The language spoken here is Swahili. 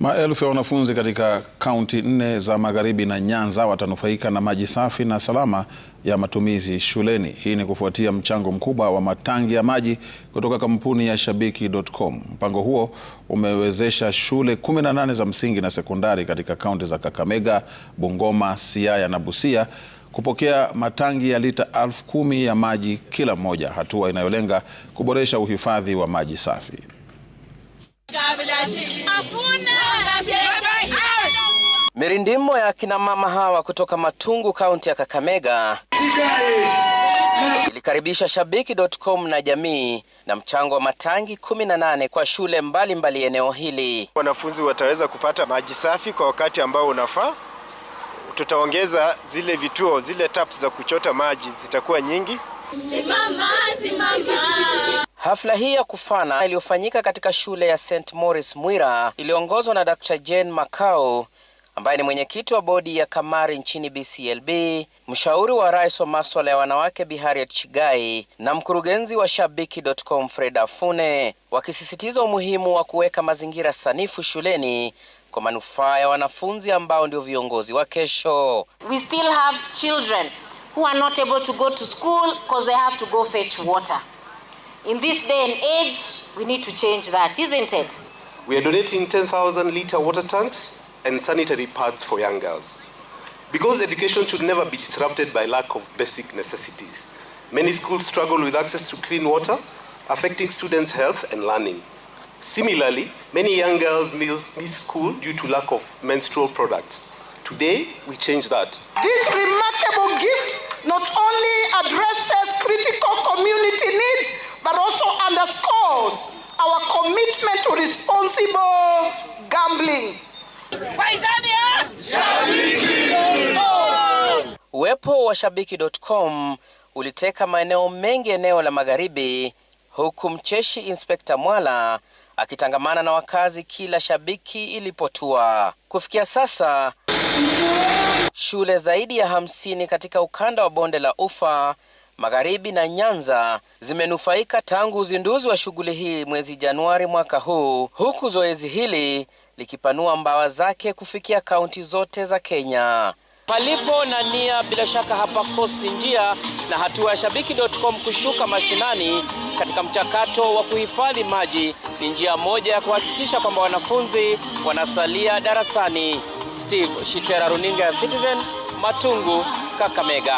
Maelfu ya wanafunzi katika kaunti nne za Magharibi na Nyanza watanufaika na maji safi na salama ya matumizi shuleni. Hii ni kufuatia mchango mkubwa wa matangi ya maji kutoka kampuni ya Shabiki.com. Mpango huo umewezesha shule 18 za msingi na sekondari katika kaunti za Kakamega, Bungoma, Siaya na Busia kupokea matangi ya lita elfu kumi ya maji kila moja, hatua inayolenga kuboresha uhifadhi wa maji safi. Mirindimo ya kina mama hawa kutoka Matungu, kaunti ya Kakamega ilikaribisha Shabiki.com na jamii na mchango wa matangi 18 kwa shule mbalimbali mbali eneo hili. Wanafunzi wataweza kupata maji safi kwa wakati ambao unafaa. Tutaongeza zile vituo, zile taps za kuchota maji zitakuwa nyingi. Simama, simama. Hafla hii ya kufana iliyofanyika katika shule ya St morris Mwira iliongozwa na Dr Jane Makau ambaye ni mwenyekiti wa bodi ya kamari nchini BCLB, mshauri wa rais wa maswala ya wanawake Bi Harriet Chigai na mkurugenzi wa Shabiki.com Fred Afune, wakisisitiza umuhimu wa kuweka mazingira sanifu shuleni kwa manufaa ya wanafunzi ambao ndio viongozi wa kesho. We still have children who are not able to go to school because they have to go fetch water. In this day and age, we need to change that, isn't it? We are donating 10,000 litre water tanks and sanitary pads for young girls. Because education should never be disrupted by lack of basic necessities. Many schools struggle with access to clean water, affecting students' health and learning. Similarly, many young girls miss school due to lack of menstrual products. Today, we change that. This remarkable gift not only addresses commitment to responsible gambling. Uwepo wa Shabiki.com uliteka maeneo mengi eneo la magharibi, huku mcheshi Inspekta Mwala akitangamana na wakazi kila shabiki ilipotua. Kufikia sasa shule zaidi ya hamsini katika ukanda wa bonde la Ufa Magharibi na Nyanza zimenufaika tangu uzinduzi wa shughuli hii mwezi Januari mwaka huu, huku zoezi hili likipanua mbawa zake kufikia kaunti zote za Kenya. Palipo na nia, bila shaka hapakosi njia, na hatua ya Shabiki.com kushuka mashinani katika mchakato wa kuhifadhi maji ni njia moja ya kuhakikisha kwamba wanafunzi wanasalia darasani. Steve Shitera, runinga ya Citizen, Matungu, Kakamega.